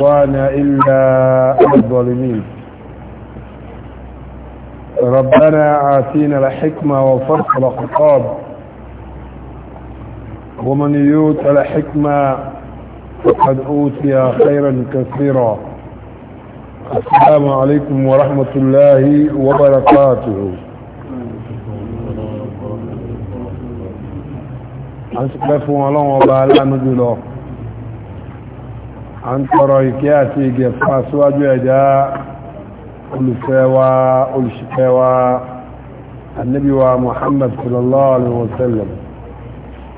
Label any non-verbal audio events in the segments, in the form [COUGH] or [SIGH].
عدوان إلا الظالمين ربنا آتينا الحكمة وفرق خطاب ومن يوت الحكمة فقد أوتي خيرا كثيرا السلام عليكم ورحمة الله وبركاته أنت كيف ولو وبعلا نجلو a ń tọrọ ìkẹ́ àti ìgẹ̀ fún aṣíwájú ẹ̀dá olùfẹ́wa olùṣìfẹ́wa annabiwa muhammad sallallahu alaihi wasallam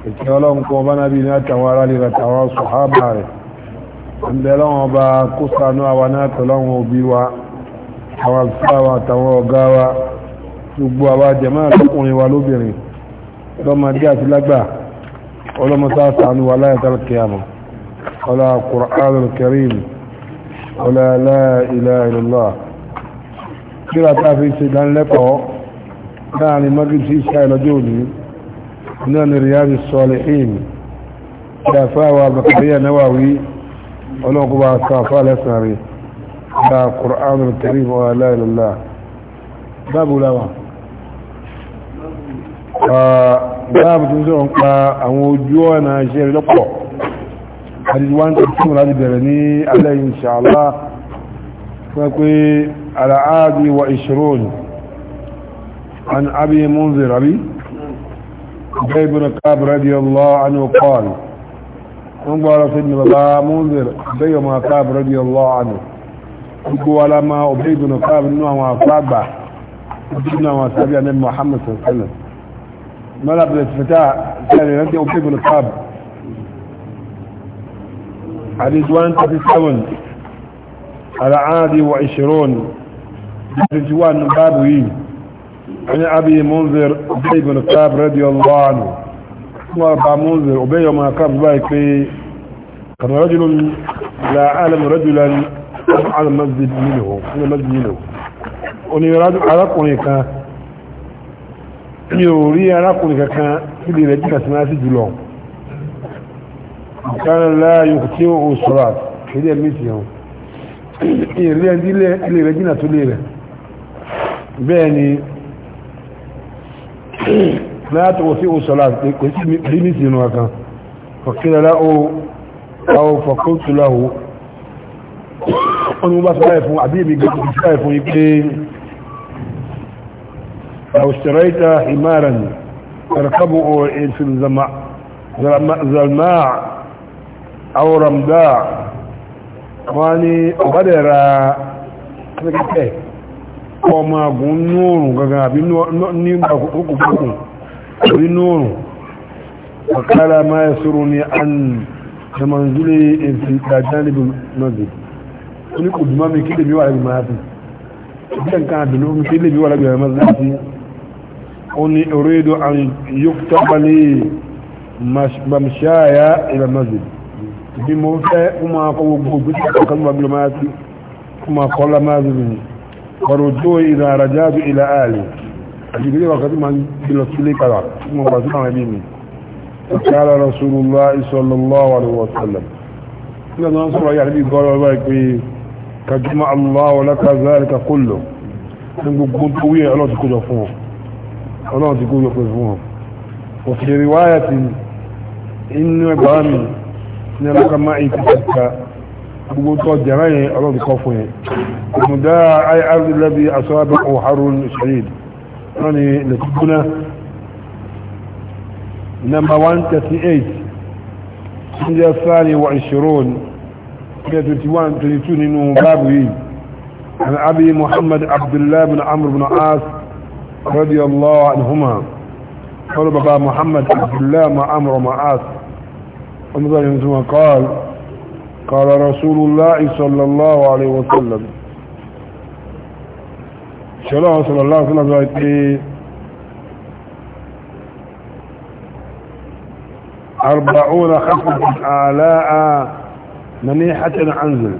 ìkẹ́ ọlọ́run kọ́ bá nábi ní àtàwọn ará lè ràtàwọn sọ̀hábà rẹ̀ ń bẹ lọ́wọ́n bá kó sànú àwa náà tọ́lọ́wọ́n òbí wa àwọn àfáwà àtàwọn ọ̀gá wa gbogbo àwa jẹ̀mọ́ ولا قرآن الكريم ولا لا إله إلا الله كلا تافي سيدان لكو يعني ما مجلس إسحال جوني من رياض الصالحين شافاوى بكرية نواوي ولو قبع الصافة لسنري لا قرآن الكريم ولا لا إلا الله باب لوا باب تنزعون àwọn ojú ọ̀nà ṣe rí àdìsí wá ń tẹ́ tí mo láti bẹ̀rẹ̀ ní alẹ́ inṣàlá fẹ́ pé àlàáàdì wa ìṣòròn عن أبي منذر أبي جاي بن كعب رضي الله عنه قال انظر سيدنا بابا منذر جاي ما كعب رضي الله عنه gbogbo wa la máa ọ̀bẹ́ ìgbìnà káàbì nínú àwọn àfáàgbà nínú àwọn àṣàbí àmì Muhammad sallallahu alaihi wasallam mọ́lábìlẹ̀ حديث 137 على عادي وعشرون بسجوان بابوي عن أبي منذر أبي بن كعب رضي الله عنه ثم أبا منذر أبي وما كعب بايك كان رجل لا أعلم رجلا على المسجد منه من المسجد منه oni arákùnrin kan mi ò rí arákùnrin kankan sílé rẹ̀ jìnà sí máa sí كان لا يخطئه الصلاة هذه الميسي هو ìrìn ẹ̀dí ilé rẹ̀ jìnà tó lè rẹ̀ bẹ́ẹ̀ ni látọ̀wọ̀ sí òṣàlá kò sí límìtì inú akan fọ̀kílẹ̀lá o àwọn fọ̀kótùláwò ọdún bá sọ́láì fún àbíyèmí gẹ́gẹ́ sọ́láì fún ipé àwòṣẹ̀rẹ́ta ìmáàràn karkabu o ìfìlzalmáà àwọn ramdá wọ́n ní ọ̀bádẹ̀ra kẹ́kẹ́ ọmọ agùn nóòrùn gangan àbí nígbà kòkòkòkòkùn àbí nóòrùn ọ̀kára máa ẹ̀sùrù ní àn ṣamanzúlé èsì ìtàjánibù nọ́dì ní kò dùmá mi kí lèmi wà lábì máa fi ìjẹ́ nǹkan àdùnú mi kí lèmi wà lábì bí mo fẹ́ ó máa kọ gbogbo gbèsè kankan máa gbé máa sí ó máa kọ́ la máa zùn ní ọ̀rọ̀ tó ìrìn àràjá bí ilẹ̀ ààlè àti ìgbésẹ̀ kankan tó máa gbé lọ sílé padà ó máa gbà sí àwọn ẹbí mi ìkàlà rasulullah sallallahu alaihi wa sallam nígbà tó ń sọ̀rọ̀ yàrá bí gọ́ọ̀rọ̀ ọba pé kàjúmọ́ allah wọlé kazari ka kúlò ní gbogbo tó wúyẹ̀ ọlọ́run ti kójọ fún wọn ọlọ́run ti kójọ fún wọn òfin riwáyà ti inú ẹgbàá mi ní alága máa ń fi ṣèkà gbogbo tó jẹ́rán yẹn ọlọ́run kọ́ fún yẹn ìmúdá irb lẹ́bi asọ́ábẹ́ ọ̀hárùn ṣẹ̀yìn náà ni lẹ́tìkúná number one thirty eight ṣíjẹ́ sáré wa ìṣirún ṣíjẹ́ twenty one twenty two nínú báàbù yìí عن أبي محمد عبد الله بن عمرو بن عاص رضي الله عنهما قال بابا محمد عبد الله ما عمرو ما عاص انظر ثم قال قال رسول الله صلى الله عليه وسلم صلى الله عليه وسلم قال أربعون خفة آلاء منيحة عنزل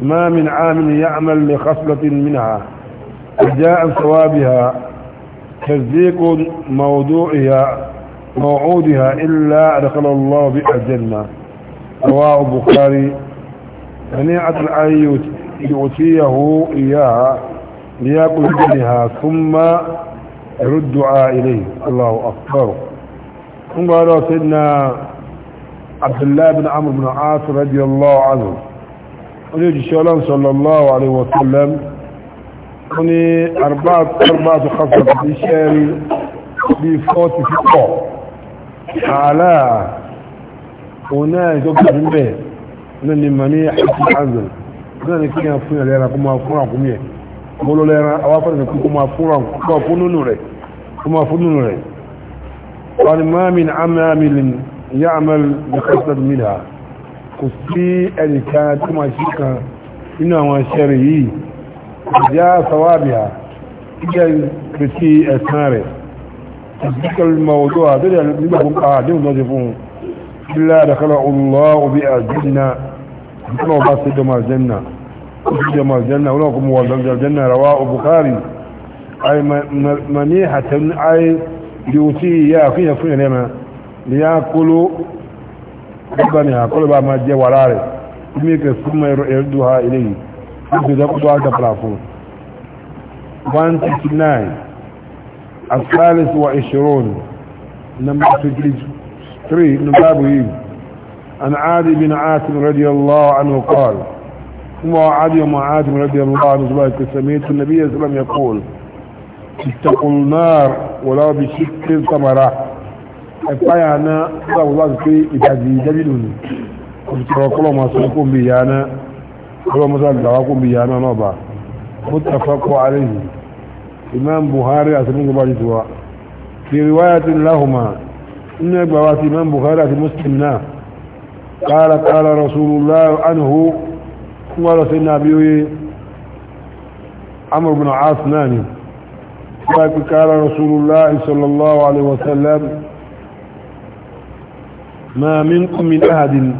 ما من عام يعمل لخصلة منها جاء ثوابها تصديق موضوعها موعودها إلا دخل الله بها الجنة رواه البخاري منيعة الآن يؤتيه إياها ليأكل منها ثم يردع إليه الله أكبر ثم قال سيدنا عبد الله بن عمرو بن عاص رضي الله عنه ونيج الشيطان صلى الله عليه وسلم وني أربعة أربعة خمسة بشاري بفوت في قوة àlá òun náà ìjọba níbẹ̀ náà ni mà ní àti àzẹ̀ náà ni kí ni a fún ẹ̀lẹ́ra kó máa fún àkúmí ẹ̀ mo lọ lẹ́ra àwọn afẹ́rẹ́ kó máa fún nínú rẹ̀ kó máa fún nínú rẹ̀ wọ́n ni máa mi ní àmì يعمل بخصد منها كفي الكانة كما شكا إنه ما شرهي جاء ثوابها إجا كتي أسناره تذكر الموضوع هذا لكم قاعدين نظفون إلا دخل الله بأجلنا كما بس جمع الجنة جمع الجنة ولكم موظف الجنة رواه بخاري أي منيحة أي ليوتي يا فيها فيها لما ليأكلوا ربنا كل ما جاء وراره ميك ثم يردها إليه يبدأ قطعة بلافون 169 الثالث وعشرون نمبر 3 نبابه عن عادي بن عاتم رضي الله عنه قال ثم عادي وما عاتم رضي الله عنه سبحانه النبي صلى الله عليه وسلم يقول اتقوا النار ولو بشق ثمرة افايانا ابو الله في ادادي دبلون وتركوا ما سنكم بيانا ولو ما زال بيانا نوبا متفق عليه إمام بخاري أسنق بارتوا في رواية لهما إن أقبوات إمام بخاري أسنقنا قال قال رسول الله عنه سيدنا نبيه عمر بن عاص ناني قال رسول الله صلى الله عليه وسلم ما منكم من أحد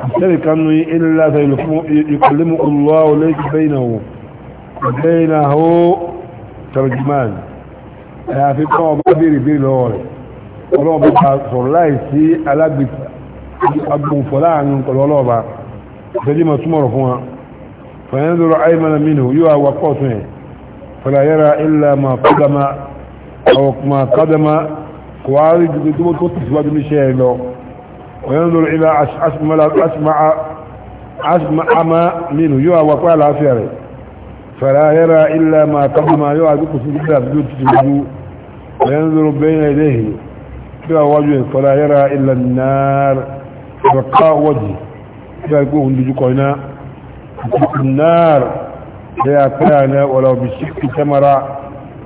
أسرق أنه إلا سيكلمه الله ليس بينه بينه tarjuman àyàfi kọ́ ọba béèrè béèrè lọ́wọ́ rẹ̀ ọlọ́ọ̀bá bá sọ̀rọ̀ láì sí agbóhùnfọ́ láàrin ọlọ́ọ̀bá ìfẹ́jì máa túmọ̀rọ̀ fún wa fẹ̀yẹ́ lọ́rọ̀ àìmọ́nà mìíràn yóò àwọ̀ kọ́ọ̀tún ẹ̀ fẹ̀láyẹ́ra ilẹ̀ máa kọ́dama ọkùnmá kọ́dama kọ̀wárí gbogbo tó tẹ̀síwájú níṣẹ́ ẹ̀ lọ fẹ̀yẹ́ lọ́rọ̀ ilẹ̀ asìmáàmà mìíràn فلا يرى إلا ما قبل ما يعدك سجدة بدون تجمعه وينظر بين يديه إلى وجهه فلا يرى إلا النار فقاء وجهه إلى يقول لجوك هنا النار هي كان ولو بالشك ثمرة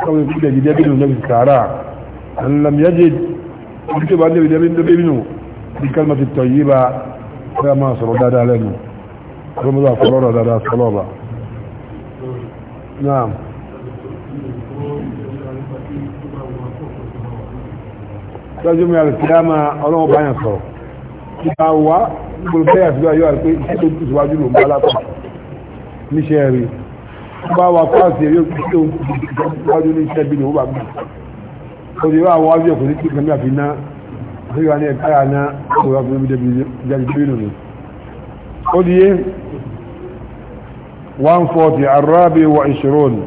أو يقول لجد ابنه نفس الكعراء أن لم يجد يكتب أن يجد ابنه بكلمة الطيبة فما صلى الله عليه وسلم رمضان صلى الله عليه وسلم Naam. lọ́jọ́ mi àrẹ̀ síra máa ọlọ́wọ́ báyàn sọ̀rọ̀ tí a wá gbogbo bẹ́yà sí ayọ́ àti pé iṣẹ́ tó kù síwájú ló ń bá látọ̀ níṣẹ́ rí bá wa káàsì eré òkú tó síwájú ní iṣẹ́ bí ní ó bà mí ó 140 الرابع وعشرون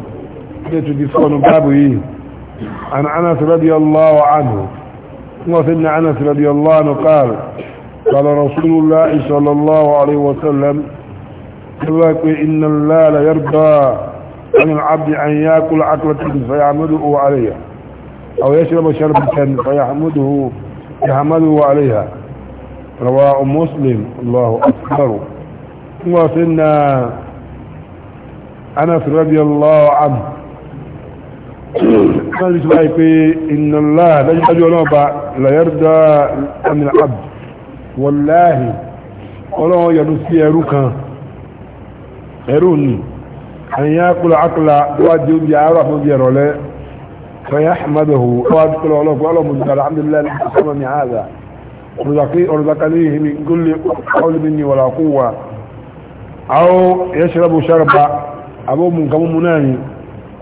يتدفون بابه عن أنس رضي الله عنه وفن أنس رضي الله عنه قال قال رسول الله صلى الله عليه وسلم إن الله لا يرضى عن العبد أن يأكل عقلة فيعمده عليها أو يشرب شربة فيحمده يحمده عليها رواه مسلم الله أكبر وفن أنس رضي الله عنه [COUGHS] قال في إن الله لجل ونوبة لا يرضى من العبد والله ولو يدسي أروكا أروني أن يأكل عقلا واجب يعرف يرولي فيحمده وأدخل له وقال مجد الحمد لله الذي أصابني هذا ارزقنيه من كل حول مني ولا قوة أو يشرب شربا abó mu nǹkan mú náà ni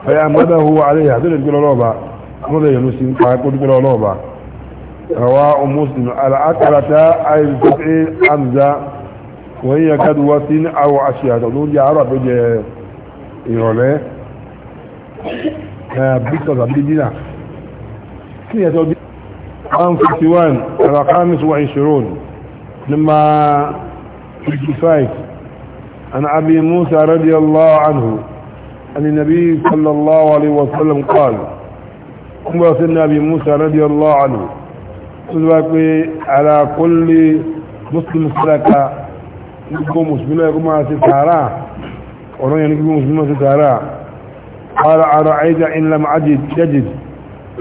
ọ̀yà mọ́dá hu aléyà tó lè gbé lọ́lọ́ọ̀bá mọ́dá yẹnu sí ń pàákó gbé lọ́lọ́ọ̀bá rọwá o muslim al'akarata ayyukafi amza wọ́n yẹ kadu wá sí ní àwọ̀ aṣíyàtọ̀ ló jẹ́ àárọ̀ tó jẹ ìrọ̀lẹ́ bíkọ̀ tàbí dínà kí ni ẹ̀tọ́ bí 151 alakamis wa ishirun nima 55 عن أبي موسى رضي الله عنه عن النبي صلى الله عليه وسلم قال أمر سيدنا أبي موسى رضي الله عنه على كل مسلم سلكة يكون مسلم يقوم على ستارا ورأي أن مسلم مسلمين ستارا قال أرأيت إن لم أجد يجد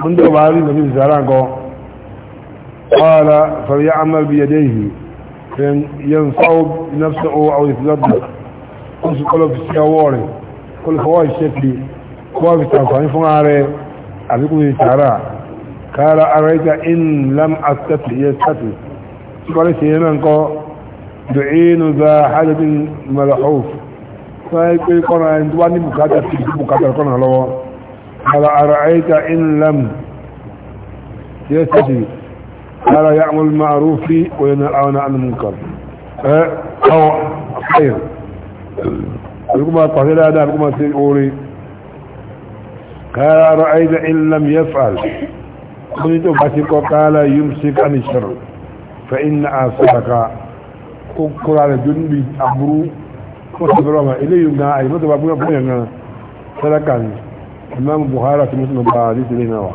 عند بعض النبي ستارا قال فليعمل بيديه فينصعب نفسه أو يتلبس kó sì kọ́lọ́ fi sí ọwọ́ rẹ̀ kó lè fọwọ́ ìṣẹ́ pé kọ́ fi tàǹfààní fún ààrẹ àbíkún ní tààrà kára ara ìjà in lam accept iye sátì tí kọ́lé sí yẹn náà kọ́ dùn za hajjabi malahouf sáyé pé kọ́nà ẹni ara ya'mul ma'rufi wa yanha 'anil munkar أو خير بكما طهلا دا بكما سيئوري قال رأيت إن لم يفعل قلت بسك قال يمسك عن الشر فإن آسفك قل على جنبي أبرو وصبرما إليه من أي مطبع بنا بنا سلكا إمام بخارة مسلم بحديث لنا واحد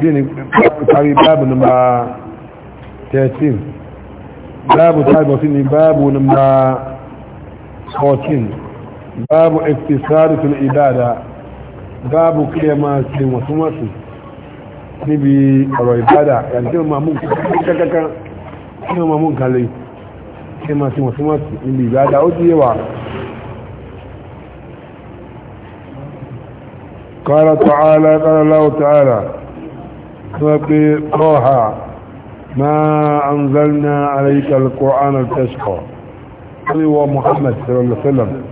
دين تاري باب نمبر 13 باب تاري باب نمبر خوتين باب اكتسار في العبادة باب كلمة سلم وثمات نبي يعني كلمة مامون كلمة مامون كلمة كلمة سلم وثمات نبي إبادة قال تعالى قال الله تعالى فقي طوحا ما أنزلنا عليك القرآن التشقى هو محمد صلى الله عليه وسلم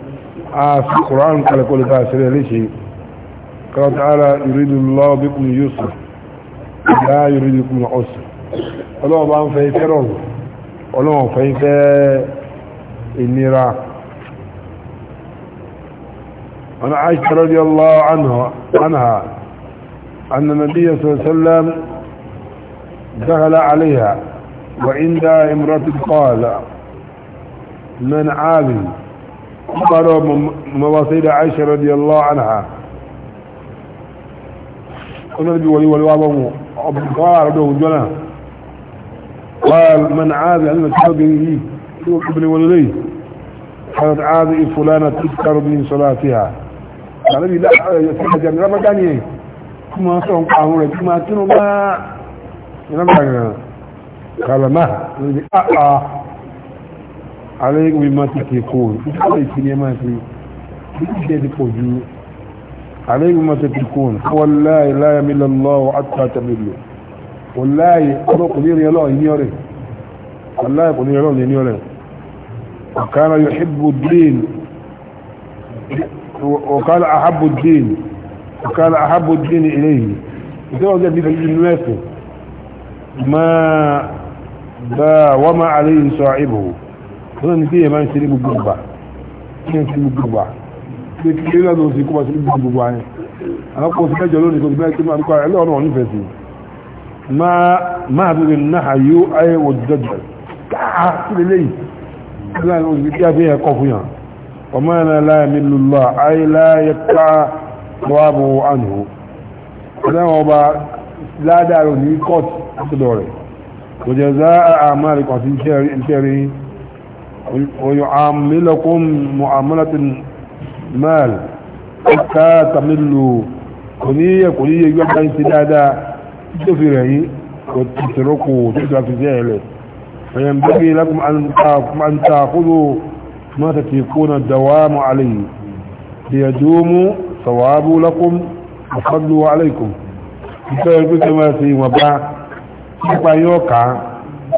آه، في القرآن قال كل كاسر ليش قال تعالى يريد الله بكم يسر لا يريد بكم عسر الله bá في fẹ́ الله في النيرة أنا ìfẹ́ رضي الله àìsàn عنها أن النبي صلى الله عليه وسلم دخل عليها وعند امرأة قال من عالي قالوا مواصيل عائشة رضي الله عنها قلنا نبي ولي ولي وابو قال له جنا قال من عالي أن تحبه ابن ولدي قالت عالي فلانة تذكر من صلاتها قال نبي لا يتحجر لما كان يهي كما سهم قاموا لك ما كنوا ما قال ما نبي أعلى آه، آه. alaykum bima tasifun ìjọba ìsinmi ẹ máa fi bí kí ṣe ti pọ̀ ju alaykum bima tasifun wallahi la yamillu Allahu hatta tamillu wallahi ọ̀rọ̀ kò ní rí ọlọ́run ní ọ̀rẹ́ wallahi kò ní rí ọlọ́run ní ọ̀rẹ́ ọ̀kára yuhibbu ad-din وقال احب الدين وقال احب الدين اليه الجواب ده بيبقى المنافق ما با وما عليه صاحبه ọ̀nà ní kí èèyàn máa ń ṣe ní gbogbo ìgbà kí èèyàn ṣe ní gbogbo ìgbà pé kí èèyàn lọ́dún sí kó máa ṣe ní gbogbo ìgbà yẹn àwọn kò sí mẹ́jọ lónìí kò sí mẹ́jọ máa ń kọ́ ẹ lọ́rùn ọ̀nì fẹ̀sì máa bèrè náà yóò ayé wò dọ́jọ́ káà sí lélẹ́yìn láàrin oṣù tí a fi yẹn kọ́ fún yàn ọmọ ẹ̀rọ láàmì lùlọ ayé láyé pa wàbù àná ọ̀dáwọn ọba ويعاملكم معاملة المال حتى تملوا كنية كنية يبقى انسدادا تفره وتتركوا تدعى في جهله فينبغي لكم أن تأخذوا ما تتيكون الدوام عليه ليدوموا ثوابوا لكم وفضلوا عليكم كما سيما با كما يوكا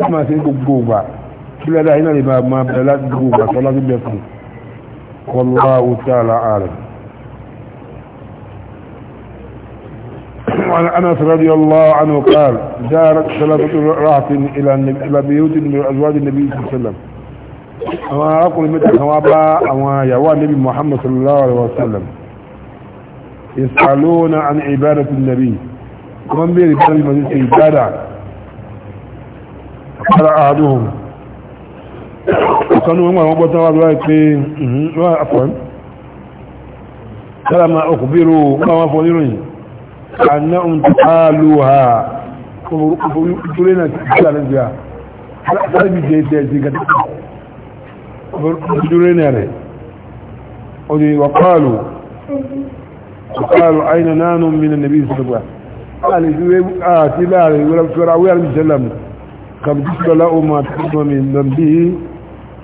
كما سيما kí lẹ́dá iná lè ما bẹ̀rẹ̀ láti gbogbo àtọ́lá gbígbẹ̀ fún وعن انس رضي الله عنه قال جارت ثلاثة راحة الى بيوت من ازواج النبي صلى الله عليه وسلم اما اقول متى خوابا اما يوى النبي محمد صلى الله عليه وسلم يسألون عن عبادة النبي ومن المزيد عبادة فقال احدهم ọ̀kanú wọn wọ́n gbọ́tán wà lọ́wọ́ pé mhmm, wọ́n àfọ́n sára ma ọkùnbírò wọ́n wọ́n fọ́ níròyìn àná ń tààlù ha ìtúrẹ́ náà ti gbà lẹ́gbẹ̀ẹ́ sára bí jẹ́ ìtẹ́ ìtẹ́ gàdá ìtúrẹ́ náà rẹ̀ ó ní wàkọ́ọ̀lù wàkọ́ọ̀lù àìnà nánú mi na nàbí ìsọ́gbà àti láàrin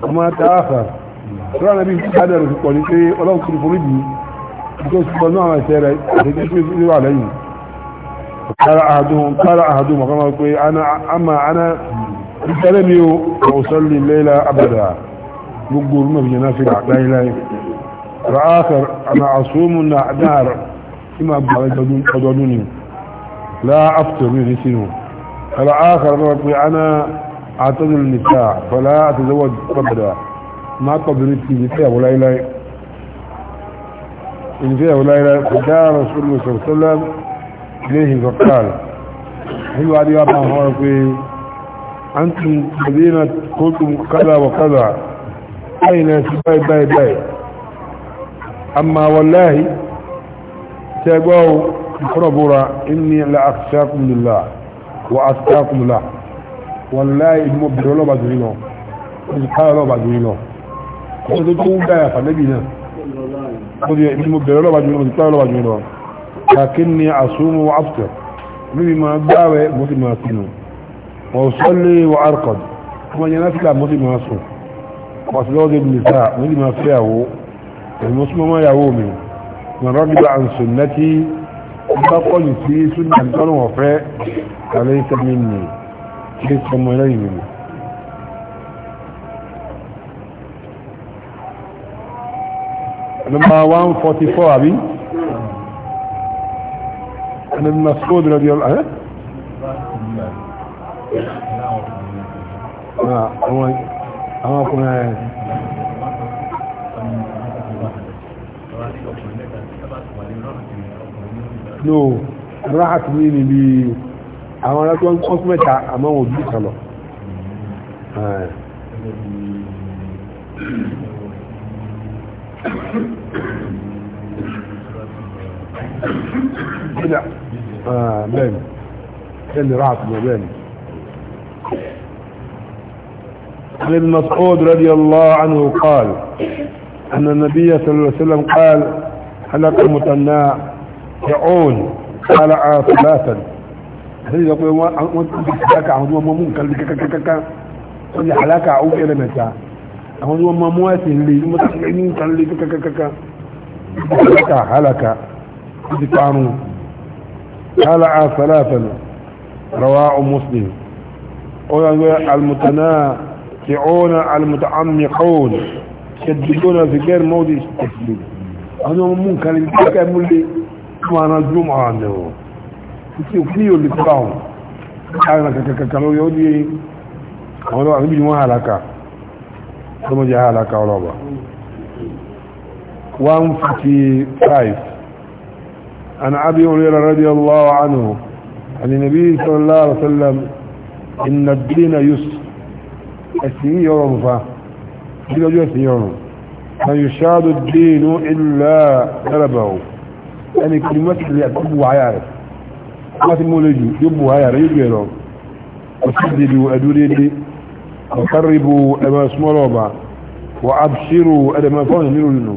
ọmọ tààfà tó rà nàbí ìpàdé rẹ̀ pọ̀ ní pé ọlọ́run kiri forí jì tó sì pọ̀ náà ẹ̀sẹ̀ rẹ̀ àti kí ó wà lẹ́yìn kára àádùn kára àádùn ọ̀kan máa pé àmà àná ìtẹ́lẹ̀ mi ò ọ̀sọ́lì lẹ́la abàdà gbogbo orúmọ̀ ìyẹn náà fi láíláí ra'áfẹ́ àmà àsómù náà tí اعتذر النساء فلا اتزوج ابدا ما قدرتي نساء ولا اله فيها ولا اله فجاء رسول الله صلى الله عليه وسلم اليه فقال حلو علي ابا هرقي انتم الذين قلتم كذا وكذا اين باي باي باي اما والله تابعوا اقربوا اني لاخشاكم لله واتقاكم له wàláyé mo bèrè ọlọ́ba jù lọ mo ti káyọ̀ ọlọ́ba jù lọ kó tó tó ń dáyà fàlẹ́bì náà mo ti mo bèrè ọlọ́ba jù lọ mo ti káyọ̀ ọlọ́ba jù lọ kàkín ni àsùnmù after mímí máa gbáwẹ̀ mo ti máa sínú wọ́n sọ́lé wọ́n arkọ̀d ọmọ yẹn láti là mo ti máa sùn ọ̀sọ̀lọ́dẹ̀ nìta mo máa fẹ́ àwọ̀ èmi mo súnmọ́ yàwó mi من رغب عن سنتي فقل في سنة القرن وفاء فليس مني ilé tí ọmọ ẹlẹ́yìn mi nọmba 144 àbí ẹni masoud rẹ̀ yọ ẹ́ ah, àwọn ọkùnrin no ráhàtì ní níbi àwọn ará tó ń kọ́ mẹ́ta àmọ́ wọn bí kan عن ابن مسعود رضي الله عنه قال أن النبي صلى الله عليه وسلم قال حلق المتناع يعون خلع ثلاثا àtẹ́jì sọ pé wọ́n ti halaka àwọn tí wọ́n mọ́ mú nǹkan lè kankankan wọ́n ti halaka àwọn fẹ́rẹ̀ mẹ́ta àwọn tí wọ́n mọ́ mú ẹ̀sìn lè ní mọ́tò ní nǹkan lè kankankan halaka halaka ó ti parun hala a salafan rawa o muslim ó yàn gbé almutana ti ọ̀nà almutaammiqun ṣẹ̀dùdúnà fi halaka 155 عن أبي هريرة رضي الله عنه عن النبي صلى الله عليه وسلم إن الدين يسر السنين يرون فا إلى جوة يرون من يشاد الدين إلا غلبه يعني كلمات اللي أكتبوا عيارك wọ́n ti múlẹ̀ jù yóò bù háyà rẹ̀ yóò bẹ̀rọ ọ̀sídìdì ẹ̀dúrédé ọ̀kárìbù ẹ̀mọ̀ smọ́lọ̀ọ̀bà wà ábṣírù ẹ̀dẹ̀mọ̀ fọ́nà nínú nínú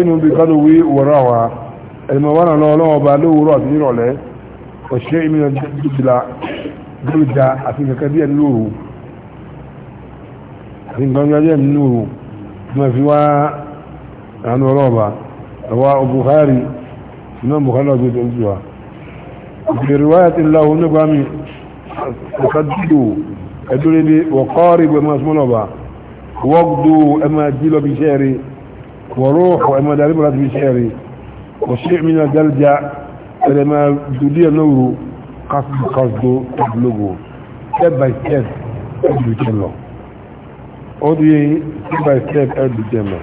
inú bí kánú wí wọ̀rọ̀ àwà ẹ̀dẹ̀mọ̀ wọ́n lọ lọ́wọ́ba lówùrọ̀ àti nírọ̀lẹ́ ọ̀ṣẹ́ ìmìnà dìbìlà dìbìjà àti kẹ̀kẹ́ في رواية الله نبامي تصدقوا أدري لي وقارب وما اسمه نبا وقدوا أما جيلو بشعري وروح أما داربرات بشعري وشيء من الجلجة لما دولي نورو قصد قصد تبلغوا step by step أدري جلو أدري step by step أدري جلو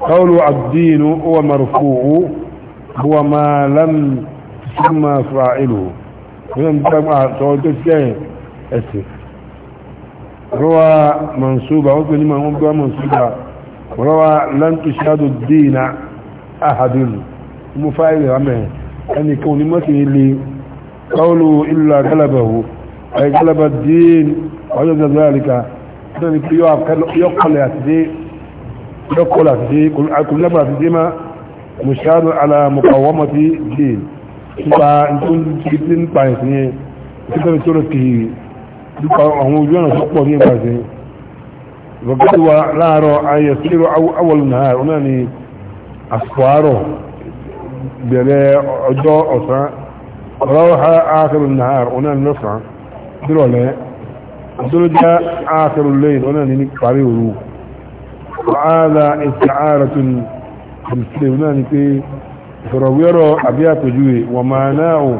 قول الدين هو مرفوع هو ما لم sọ́mà fà ìlú wọ́n dágbà tọ́jọ́ jẹ́ ẹ̀sìn rọwa mansuba wọ́n pẹ̀lú àwọn gbọ́ mansuba rọwa lantushadu dina ahadun mú fáìlì ramẹ́ ẹnìkan ní mọ́sí ilé kọlu ìlú agalabahu ay galaba dín ọjọ́ zazalika náà ni pé yọ́kọlẹ̀ àti dé yọ́kọlẹ̀ كل dé kùnlẹ́gbà àti dé على mùsàánù ala nípa tó ń ti ti tó rẹ̀ nípa àwọn ojú ọ̀nà tó pọ̀ ní ìgbà wa láàárọ̀ ayẹ̀ awọ́lù náà ọ̀nà ni àsìkò bẹ̀rẹ̀ ọjọ́ ọ̀sán ọ̀rọ̀ àkàrù náà ọ̀nà ni lọ́sàn dírọ̀lẹ́ ọ̀dọ́lọ́já àkàrù lẹ́yìn ọ̀nà ni parí òru wàhálà ọ̀nà ni pé ìfọ̀rọ̀wérọ̀ àbí àpèjúwe wọ́n máa náà ò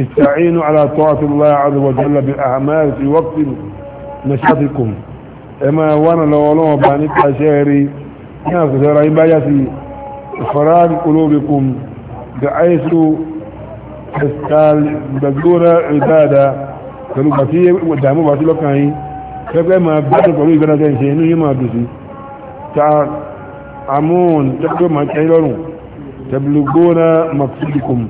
ìtàínú alátọ́wàtí láyé àdúgbòjọ́lá bí àmàrí ti wọ́pì mẹ́ṣàtìkùn ẹ máa wánà lọ́wọ́ lọ́wọ́ bá nípa iṣẹ́ rí ní àkùsọ́ra yín báyá sí ìfọ̀ráàrí olóbikùn da àìsù ẹ̀sàlùgbàgbóra ìbáadà pẹ̀lú bàtí dàmú bàtí lọ́kàn bẹ́ẹ̀ pẹ̀lú ìgbẹ́nàjẹ́ ìṣe inú yín máa dùn sí ta amóhùn tẹ́kọ̀ọ́ máa tẹ́ lọ́rùn تبلغون مقصودكم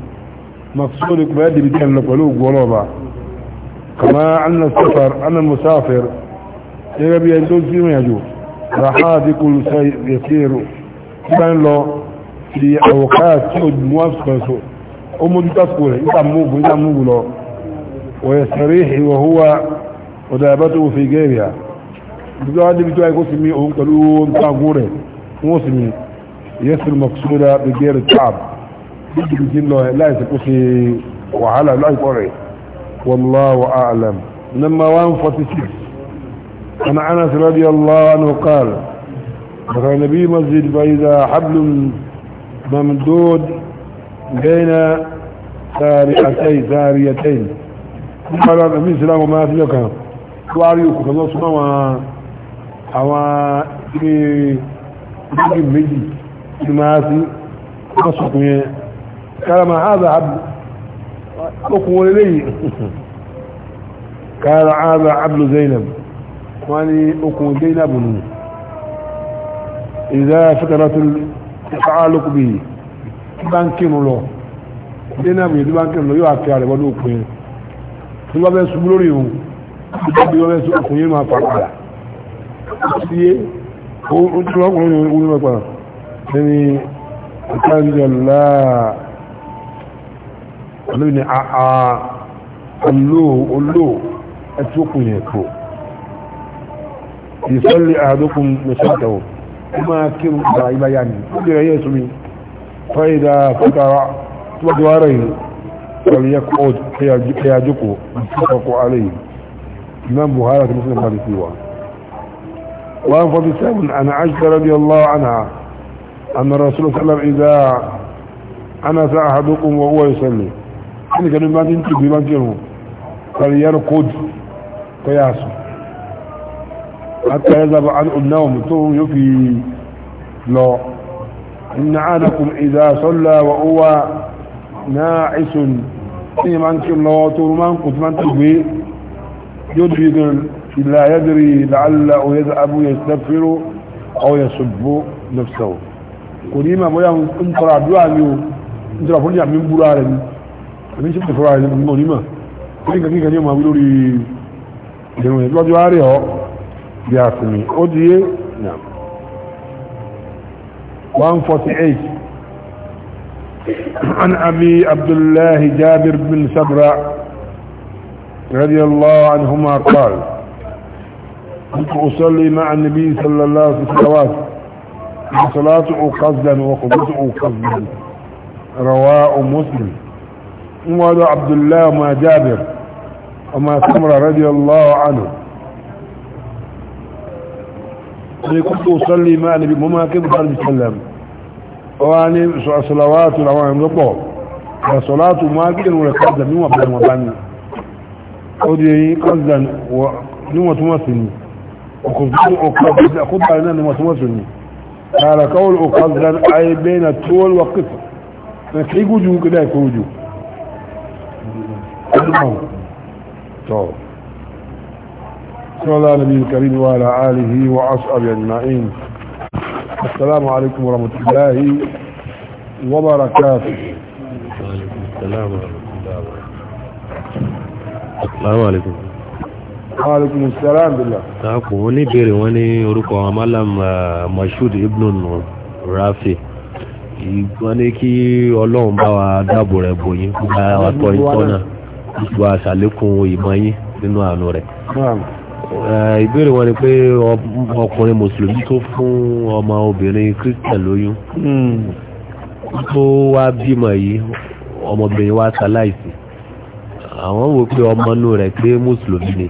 مقصودك بهذه بيتين لقلوب قلوبا كما أن السفر أن المسافر يجب أن تنسيهم يجوب رحاتي كل شيء يسير كان له في أوقات سود موافقة أمد تسكوله يتموه يتموه له ويستريح وهو ودابته في غيرها بيقول هذا بيتوا يقول سمي أهم قالوا أنت أقوله مو سمي يسر مكسورة بجير التعب يجب الدين له لا يسكوشي وعلى لا يقرأ والله أعلم لما فتسيس أنا أنس رضي الله عنه قال بقى نبي مسجد فإذا حبل ممدود بين ساريتين ساريتين قال النبي سلام وما في يكام وعليكم الله سبحانه وتعالى àwọn ilé ìmáàsí ọ̀sọ̀kùn yẹn kárama ààbà ọkùn wọlé lẹ́yìn kára ààbà ablu zainab wọ́n ni ọkùn zainab nù ìzá fẹ́kàrátù ìfàálùkù bí bá ń kírun lọ zainab yìí bá ń kírun lọ yóò àti ààrẹ wọ́n lóòkùn yẹn tí wọ́n bẹ́ ṣubú lórí òun bí wọ́n bẹ́ ṣubú ọkùn yẹn máa fà padà sí ó ń tún ọkùnrin òun ní ẹni ìtàjọ̀lá olóòní àà olóò ẹtí ó kùnyẹ̀ kò ìsọ́lẹ̀ àádókùn mẹ́sàtàwò ó máa kírù ìgbà ìbáyà ní ó lè rẹ̀ yẹ́ fa'ida fatara tó bá jọ ara yìí wọ́n yẹ kọ́ ẹ̀yàjókò ìfọ́kọ́ ara yìí imam buhari àti musulun bá ti fi wa 147 an aisha radiyallahu anha أن الرسول صلى الله عليه وسلم إذا أنس أحدكم وهو يصلي أنا كان ما تنتج بما كانوا فليرقد قياسه حتى يذهب عن النوم ثم يفي لا إن عانكم إذا صلى وهو ناعس إما أنك الله ترمان قد من تقوي يدري لا يدري لعله يذهب يستغفر أو يسب نفسه kò ní ma bóyá ń tọrọ àdúrà mi o ń tọrọ àfọ́nìyà mi ń búra rẹ̀ ni àmì ṣe tẹ̀fọ́ra rẹ̀ ni mo ní mà kí ní kankan ní ọmọ wí lórí ìrìn rẹ̀ lọ́jọ́ àárẹ̀ ọ́ bí a sì ní ó di yé 148 عن أبي عبد الله جابر بن سبرة رضي الله عنهما قال أصلي مع النبي صلى الله عليه وسلم صلاته قصدا او قصدا رواء مسلم وهذا عبد الله ما جابر وما سمرة رضي الله عنه كنت أصلي مع النبي مما كنت صلى وسلم وأنا صلوات العوام ضبط وصلاة ما كان ولا قصدا نوع بلا مباني أودي قصدا ونوع تمثلني وخذ أخذ أخذ علينا نوع مسلم قال قول قصدا اي بين الطول والقصر في وجوه كده يكون وجوه طيب. صلى الله على النبي الكريم وعلى اله واصحابه اجمعين السلام عليكم ورحمه الله وبركاته وعليكم السلام ورحمه الله وبركاته السلام عليكم alaikum salam bila. takun wọn ní ìbéèrè wọn ní orúkọ amalam eh, mashood ibn rafi wọ́n ní kí ọlọ́run bá wa dáàbò rẹ̀ bò yín bá wa tọ́ ìtọ́nà ìgbà àṣàlékún ìmọ̀ yín nínú àánú rẹ̀. Eh, ìbéèrè wọn ni pé ọkùnrin mùsùlùmí tó fún ọmọ obìnrin kristian lóyún hmm. tó wá bímọ yìí ọmọbìnrin wa ṣaláìsí àwọn wò pé ọmọ inú rẹ̀ pé mùsùlùmí ni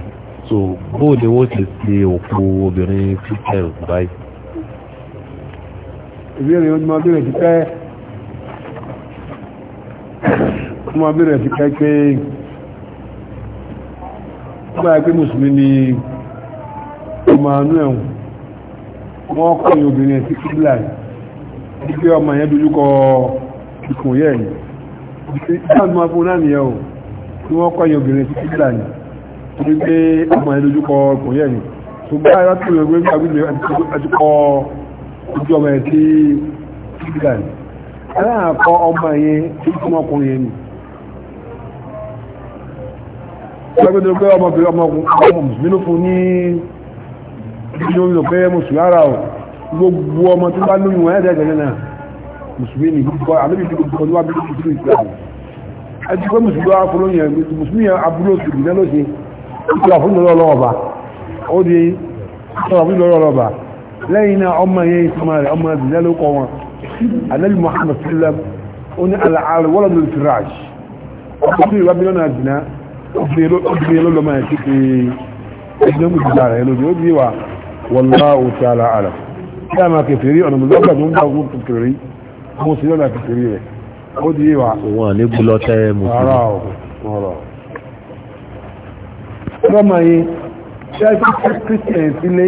so bó ni wọ́n ti ṣe òkú obìnrin christian báyìí. ìbéèrè ojú máa bẹ̀rẹ̀ títẹ́ wọ́n máa bẹ̀rẹ̀ títẹ́ pé wọ́n báyìí pé mùsùlùmí ni ọmọ àánú ẹ̀wọ̀n wọ́n kọ́ ní obìnrin sí kíbla yìí pé ọmọ yẹn dojúkọ ikùn yẹ̀ yìí. ìdáhùn máa fún náà nìyẹn o wọ́n kọ́ obìnrin sí kíbla yìí torí pé ọmọ ẹni lójúkọ ọkùnrin ẹ̀ ni ṣùgbọ́n ara tó lè gbé gbàgbé àjùkọ ojú ọmọ ẹ̀ sí england aláàkọ́ ọmọ yẹn tó tún ọkùnrin yẹn ni gbẹ́gbẹ́dẹ́ pé ọmọbìnrin ọmọkùnrin mùsùlùmí ló fún ní ìṣòro ìlò pé mùsùlùmí ara ò gbogbo ọmọ tó bá lóyún ẹ̀ dẹ́gbẹ̀ẹ́ náà mùsùlùmí ni gbogbo àlébì tó gbogbo níwájú tó ti ìsìlámù ẹ ti pé mùsùlùmí akọlóyìn mùsùlùmí abúlé òsì ìdílé ló ṣe ọ̀pọ̀lọpọ̀ fún ìlọ́rọ̀ ọlọ́ọ̀bà ó di ọ̀pọ̀lọpọ̀ fún ìlọ́rọ̀ ọlọ́ọ̀bà lẹ́yìn náà ọmọ yẹn ìtumọ̀ rẹ̀ ọmọ ìdílé ló kọ wọn anabi muhammad sallam ó ní alàárẹ̀ wọ́n lọ́dún firash ọkọ̀ tó ìwà bí lọ́nà àdìná obìnrin ló lọ́mọ ẹ̀ sí pé ẹgbẹ́ mú ìdílé rẹ̀ lóde ó di wa wallahu ta'ala alam kí a máa kẹfìrí ọ̀nà mọ̀lọ́gbà ní gbúlọ́tẹ́ mùsùlùmí lọ́mọ yìí ṣẹ́gbẹ́ christian sílé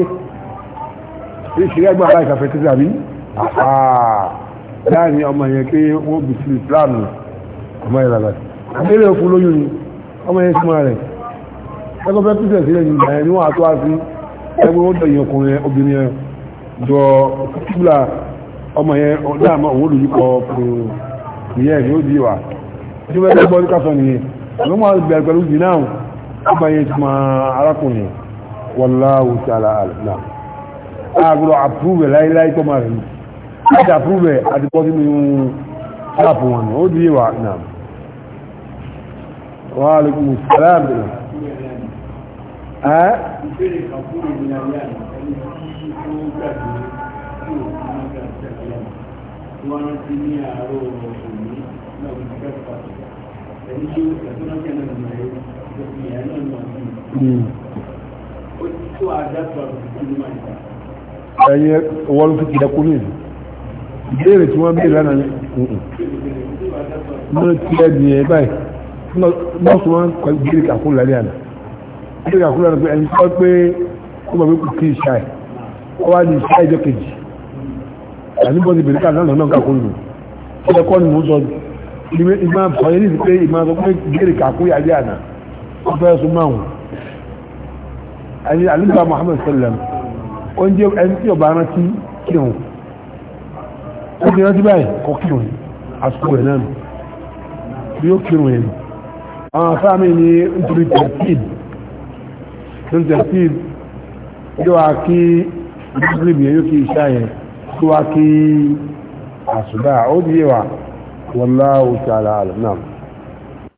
ìṣẹ́gbẹ́ gbà láì kàfẹ́ títà bí láàrin ọmọ yẹn pé wọ́n bì sí ìpláàmù ọmọ yẹn lára abẹ́rẹ́ òkú lóyún ni ọmọ yẹn súnmọ́ rẹ̀ ẹgbẹ́ fẹ́ christian sílé ní ìgbà yẹn ni wọ́n àtọ́ àti ẹgbẹ́ wọ́n dọ̀yìn ọkùnrin obìnrin yẹn jọ kíkúlà ọmọ yẹn dáàmọ́ òun olùyíkọ ìyẹn ni ó di wà ìjọba ẹgbẹ́ ọba yẹn tuma arákùnrin wàláwù tí a lára náà àgbọ̀rọ̀ àpúrúbẹ̀ láíláí tó máa rẹ̀ ní láti àpúrúbẹ̀ àti pọ́ sínú sáàpù wọn ó di ìwà náà wà á lókùn ẹ́ wọ́n ti ní àárọ̀ òní náà náà ẹ̀yẹ wọ́n fíkì dákú ní ìlú ìbéèrè tí wọ́n bí lánàá mọ́ tí ẹ bí ẹ báyìí mọ́sùn wọ́n kọjú bí kàkún lálẹ́ àná bí kàkún lálẹ́ pé ẹni tó pé ó mọ̀ pé kò kí ìṣáì ó wá ní ìṣáì ìjọ kejì àníbọ̀ ti bèrè káàkiri náà kàkún lù ó yẹ kọ́ ni mo sọ ìgbà fọyín ní ti pé ìmọ̀ sọ pé bí kàkún yálẹ́ àná ọ̀fẹ́ súnmọ́wọ̀n alìgbà Muhammad sallam oúnjẹ ẹni tí ọba rántí kírùn ó ti rántí báyìí kọ kírùn àsìkò ẹ̀ náà bí ó kírùn ẹ̀ àwọn afáàmì ní nítorí tẹ̀síìd nítorí tẹ̀síìd yóò wá kí muslim yẹn yóò kí iṣá yẹn tó wá kí àsùbá ó di yé wa wallahu ta'ala